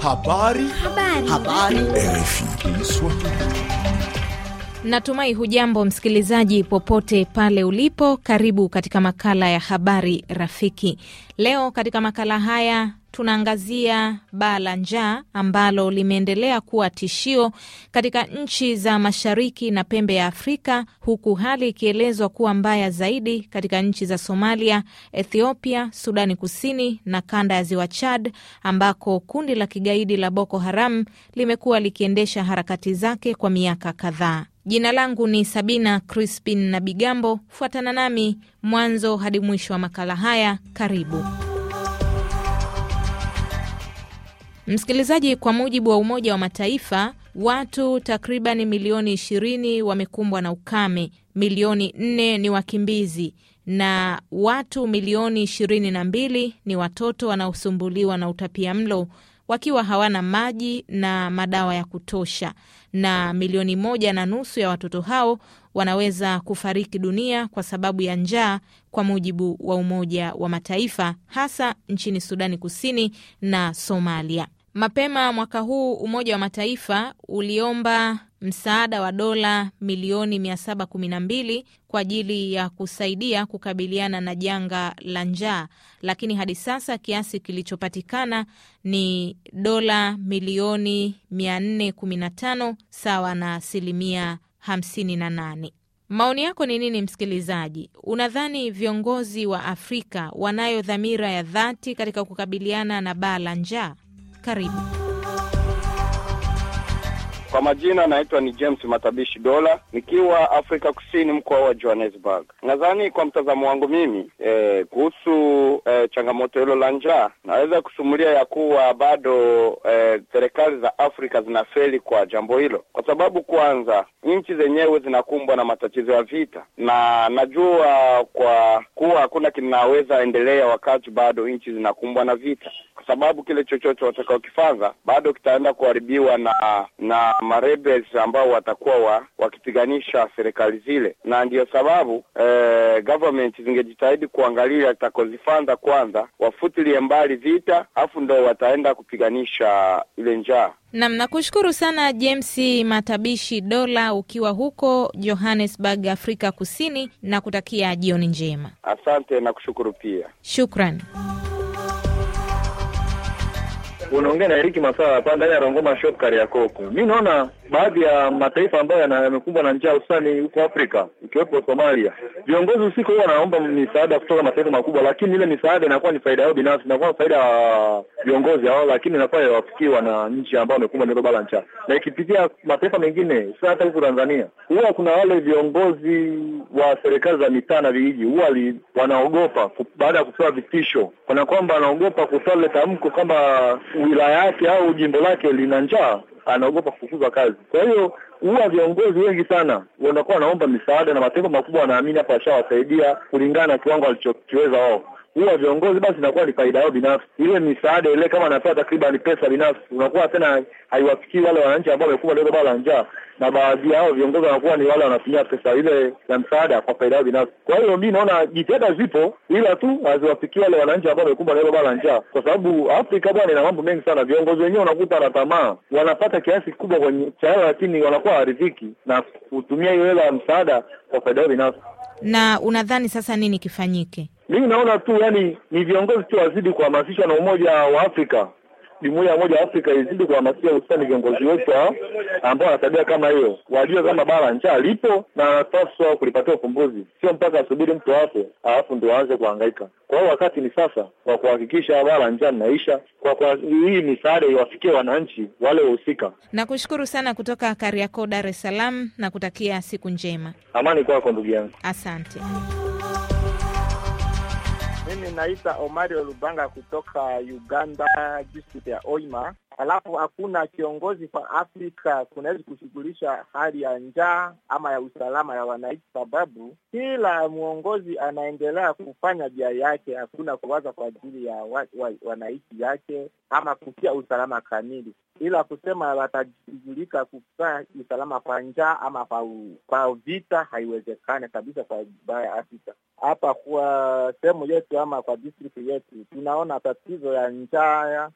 Habari. Habari. Habari. Natumai hujambo msikilizaji, popote pale ulipo. Karibu katika makala ya habari rafiki. Leo katika makala haya tunaangazia baa la njaa ambalo limeendelea kuwa tishio katika nchi za mashariki na pembe ya Afrika, huku hali ikielezwa kuwa mbaya zaidi katika nchi za Somalia, Ethiopia, Sudani Kusini na kanda ya ziwa Chad, ambako kundi la kigaidi la Boko Haram limekuwa likiendesha harakati zake kwa miaka kadhaa. Jina langu ni Sabina Crispin na Bigambo. Fuatana nami mwanzo hadi mwisho wa makala haya. Karibu. Msikilizaji, kwa mujibu wa Umoja wa Mataifa, watu takribani milioni ishirini wamekumbwa na ukame, milioni nne ni wakimbizi na watu milioni ishirini na mbili ni watoto wanaosumbuliwa na utapia mlo wakiwa hawana maji na madawa ya kutosha, na milioni moja na nusu ya watoto hao wanaweza kufariki dunia kwa sababu ya njaa, kwa mujibu wa Umoja wa Mataifa, hasa nchini Sudani Kusini na Somalia. Mapema mwaka huu Umoja wa Mataifa uliomba msaada wa dola milioni 712 kwa ajili ya kusaidia kukabiliana na janga la njaa, lakini hadi sasa kiasi kilichopatikana ni dola milioni 415 sawa na asilimia 58. Maoni yako ni nini, msikilizaji? Unadhani viongozi wa Afrika wanayo dhamira ya dhati katika kukabiliana na baa la njaa? Karibu. Kwa majina naitwa ni James Matabishi Dola, nikiwa Afrika Kusini, mkoa wa Johannesburg. Nadhani kwa mtazamo wangu mimi e, kuhusu e, changamoto hilo la njaa, naweza kusumulia ya kuwa bado eh, serikali e, za Afrika zinafeli kwa jambo hilo, kwa sababu kwanza nchi zenyewe zinakumbwa na matatizo ya vita, na najua kwa kuwa hakuna kinaweza endelea wakati bado nchi zinakumbwa na vita, kwa sababu kile chochote watakaokifanya bado kitaenda kuharibiwa na na marebels ambao watakuwa wa, wakipiganisha serikali zile, na ndiyo sababu eh, government zingejitahidi kuangalia zitakozifanda kwanza, wafutilie mbali vita, afu ndo wataenda kupiganisha ile njaa. Nam, nakushukuru sana James Matabishi Dola, ukiwa huko Johannesburg, Afrika Kusini, na kutakia jioni njema. Asante nakushukuru pia, shukran unaongea na Eriki Masawa hapa ndani ya Rongoma shop Kariakoo. Mimi naona baadhi ya mataifa ambayo yamekumbwa na njaa hususani huko Afrika ikiwepo Somalia, viongozi usiku huwa wanaomba misaada kutoka mataifa makubwa, lakini ile misaada inakuwa ni faida yao binafsi, inakuwa faida ya viongozi hao, lakini inakuwa yawafikiwa na nchi ambao wamekumbwa na bala njaa, na ikipitia mataifa mengine sasa, hata huku Tanzania huwa kuna wale viongozi wa serikali za mitaa na vijiji huwa wanaogopa baada ya kupewa vitisho, kana kwamba wanaogopa kutoa tamko kwamba wilaya yake au jimbo lake lina njaa anaogopa kufukuzwa kazi. Kwa hiyo huwa viongozi wengi sana wanakuwa wanaomba misaada, na matengo makubwa wanaamini hapa washawasaidia kulingana na kiwango walichokiweza wao huwa viongozi basi inakuwa ni faida yao binafsi. Ile misaada ile kama nafaa takriban pesa binafsi, unakuwa tena haiwafikii wale wananchi ambao wamekumbwa na baa la njaa, na baadhi yao viongozi wanakuwa ni wale wanatumia pesa ile ya msaada kwa faida yao binafsi. Kwa hiyo mi naona jitihada zipo, ila tu haziwafikii wale wananchi ambao wamekumbwa na baa la njaa, kwa sababu Afrika bwana ina mambo mengi sana. Viongozi wenyewe unakuta na tamaa, wanapata kiasi kikubwa kwenye cha hela, lakini wanakuwa haridhiki na kutumia hiyo hela ya msaada kwa faida yao binafsi. Na unadhani sasa nini kifanyike? Mimi naona tu yani ni viongozi tu wazidi kuhamasishwa na Umoja wa Afrika, jumuiya ya Umoja wa Afrika izidi kuhamasisha, hususani viongozi wetu ah, ambao wana tabia kama hiyo, wajue kama bara njaa lipo na wanapaswa kulipatia ufumbuzi, sio mpaka asubiri mtu afe alafu ndio aanze kuhangaika. Kwa hiyo wakati ni sasa kwa kuhakikisha bara njaa linaisha, kwa kwa hii misaada iwafikie wananchi wale wahusika. Nakushukuru sana kutoka Kariakoo, Dar es Salaam, na kutakia siku njema. Amani kwako ndugu yangu, asante. Naitwa Omari Olubanga kutoka Uganda, district ya Oima alafu hakuna kiongozi kwa Afrika kunaweza kushughulisha hali ya njaa ama ya usalama ya wananchi, sababu kila mwongozi anaendelea kufanya jia yake, hakuna kuwaza kwa ajili ya wa, wa, wananchi yake ama kufia usalama kamili, ila kusema watashughulika kufaa usalama kwa njaa ama kwa vita haiwezekani kabisa kwa bara ya Afrika. Hapa kwa sehemu yetu ama kwa district yetu tunaona tatizo ya njaa,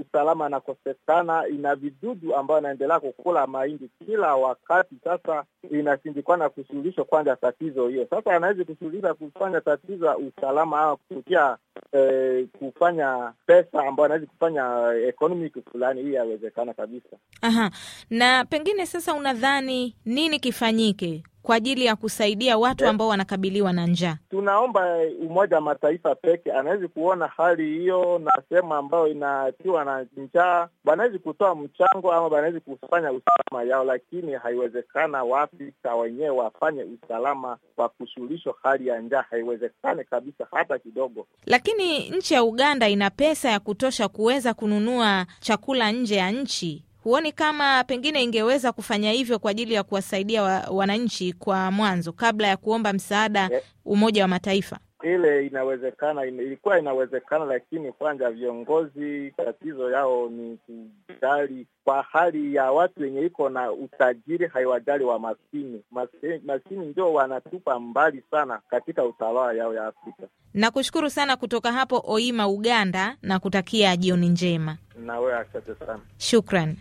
usalama anakosekana, ina vidudu ambayo anaendelea kukula mahindi kila wakati. Sasa inashindikana kusuluhisha kwanza tatizo hiyo. Sasa anawezi kusuluhisha kufanya tatizo ya usalama ama kupitia eh, kufanya pesa ambayo anaweza kufanya eh, economic fulani, hii yawezekana kabisa. Aha, na pengine sasa unadhani nini kifanyike? kwa ajili ya kusaidia watu eh, ambao wanakabiliwa na njaa. Tunaomba Umoja wa Mataifa peke anawezi kuona hali hiyo na sehemu ambayo inatiwa na njaa, wanawezi kutoa mchango ama wanawezi kufanya usalama yao, lakini haiwezekana Waafrika wenyewe wafanye usalama wa kushughulishwa hali ya njaa, haiwezekani kabisa hata kidogo. Lakini nchi ya Uganda ina pesa ya kutosha kuweza kununua chakula nje ya nchi huoni kama pengine ingeweza kufanya hivyo kwa ajili ya kuwasaidia wa, wananchi kwa mwanzo kabla ya kuomba msaada eh. Umoja wa Mataifa? ile inawezekana, ilikuwa inawezekana, lakini kwanza viongozi tatizo yao ni kujali kwa hali ya watu wenye iko na utajiri, haiwajali wa maskini. Maskini ndio wanatupa mbali sana katika utawala yao ya Afrika. Nakushukuru sana kutoka hapo Oima, Uganda, na kutakia jioni njema. Nawe asante sana, shukran.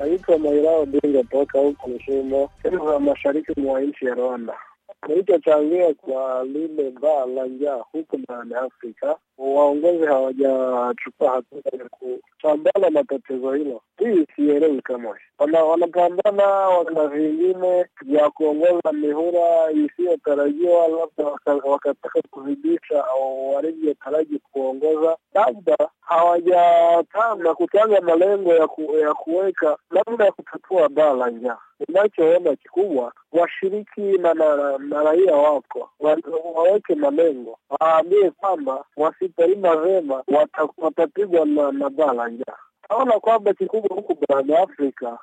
Naitwa Mwairao Odinga toka huko Mshimo, sehemu za mashariki mwa nchi ya Rwanda. Kilichochangia kwa lile baa la njaa huko barani Afrika, waongozi hawajachukua hatua ya kupambana na tatizo hilo. Hii sielewi wana- Wanapambana wana vingine vya kuongoza mihura isiyotarajiwa, labda wakataka kuzidisha au walivyotaraji kuongoza, labda hawajakaa kutanga malengo ya, ku, ya kuweka namna ya kutatua baa la njaa. inachoona kikubwa washiriki na na raia wako waweke malengo, waambie kwamba wasipolima vema watapigwa na baa la njaa naona kwamba kikubwa huku barani Afrika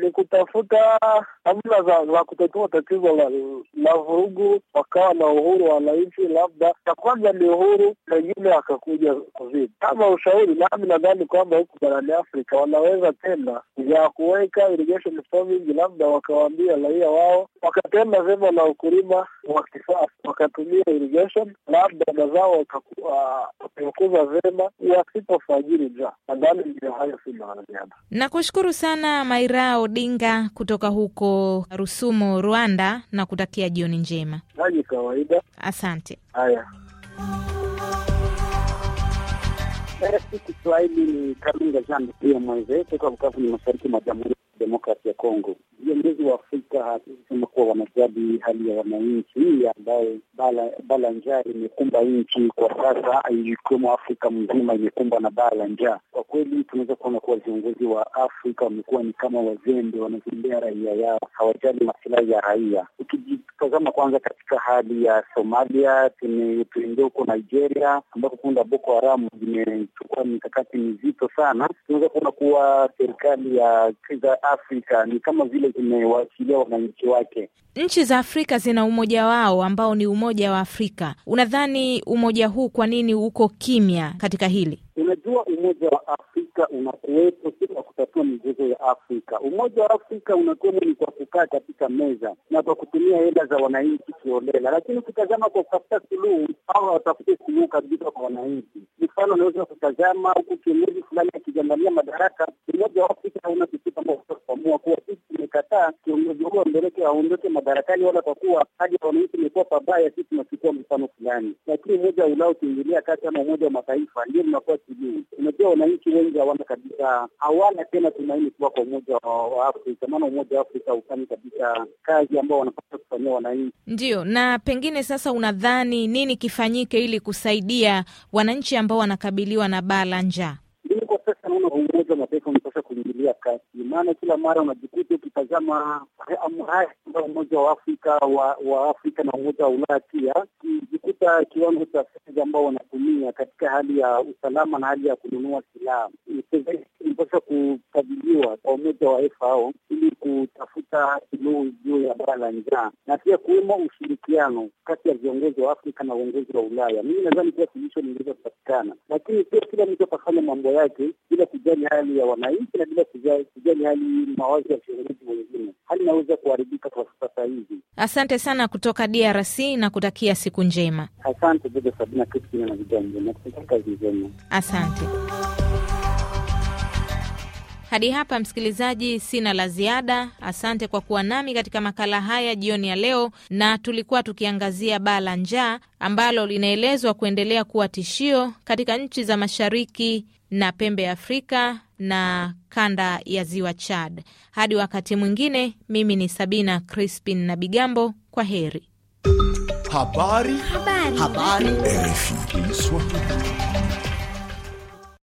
ni kutafuta namna za, za kutatua tatizo la, la vurugu, wakawa na uhuru wananchi. Labda cha kwanza ni uhuru, mengine akakuja COVID kama ushauri. Nami nadhani kwamba huku barani Afrika wanaweza tena ya kuweka irrigation farming, labda wakawaambia raia wao wakatenda vyema na ukulima wa kisasa, wakatumia irrigation, labda mazao wakakuza vyema, wasipofajiri njaa. Nadhani ndio hayo ya Simba wananiaba. Nakushukuru sana Maira Odinga kutoka huko Rusumo, Rwanda, na kutakia jioni njema. Haji kawaida, asante. Haya, eh, Kiswahili ni Kalunga Jean Pierre Mweze toka Bukavu, ni mashariki mwa Jamhuri Demokrasi ya Kongo. Viongozi wa Afrika hatusema kuwa wanajali hali ya wananchi hii ambayo bala, bala njaa imekumba nchi kwa sasa, ikiwemo Afrika mzima imekumbwa na baa la njaa. Kwa kweli tunaweza kuona kuwa viongozi wa Afrika wamekuwa ni kama wazembe, wanazembea raia yao, hawajali masilahi ya raia. Ukijitazama kwanza katika hali ya Somalia, tuingia huko Nigeria ambako kundi la Boko Haramu zimechukua mikakati mizito sana, tunaweza kuona kuwa serikali ya Afrika ni kama vile zimewaachilia wananchi wake. Nchi za Afrika zina umoja wao ambao ni Umoja wa Afrika. Unadhani umoja huu kwa nini uko kimya katika hili? Unajua, Umoja wa Afrika unakuwepo si kwa kutatua mizozo ya Afrika. Umoja wa Afrika unakuwemo ni kwa kukaa katika meza na kwa kutumia hela za wananchi kiolela, lakini ukitazama kwa kutafuta suluhu au hawatafute suluhu kabisa kwa wananchi. Mfano, unaweza kutazama huku kiongozi fulani akigandamia madaraka, umoja wa kwa kuwa sisi tumekataa kiongozi huyo ambeleke aondoke madarakani, wala kwa kuwa hali ya wananchi imekuwa pabaya, sisi tunachukua mfano fulani. Lakini umoja wa Ulaya ukiingilia kati ama Umoja wa Mataifa, ndio linakuwa sijui. Unajua, wananchi wengi hawana kabisa, hawana tena tumaini kuwa kwa Umoja wa Afrika, maana Umoja wa Afrika haufanyi kabisa kazi ambao wanapaswa kufanyia wananchi. Ndio, na pengine sasa unadhani nini kifanyike ili kusaidia wananchi ambao wanakabiliwa na baa la njaa? kuingilia kati, maana kila mara unajikuta ukitazama Umoja wa Afrika wa, wa Afrika na Umoja wa Ulaya pia ukijikuta kiwango cha fedha ambao wanatumia katika hali ya usalama na hali ya kununua silaha ilipaswa kukabiliwa kwa umoja wa FAO ili kutafuta suluhu juu ya bara la njaa na pia kuwemo ushirikiano kati ya viongozi wa Afrika na uongozi wa Ulaya. Mimi nadhani kuwa suluhisho lingeweza kupatikana, lakini pia kila mtu akafanya mambo yake bila kujali hali ya wananchi na bila kujali hali mawazo ya viongozi wengine. Hali inaweza kuharibika kwa sasa hivi. Asante sana kutoka DRC na kutakia siku njema. Asante Sabina Kristina na kazi njema, asante. Hadi hapa msikilizaji, sina la ziada. Asante kwa kuwa nami katika makala haya jioni ya leo, na tulikuwa tukiangazia baa la njaa ambalo linaelezwa kuendelea kuwa tishio katika nchi za mashariki na pembe ya Afrika na kanda ya ziwa Chad. Hadi wakati mwingine, mimi ni Sabina Crispin na Bigambo, kwa heri. Habari. Habari. Habari.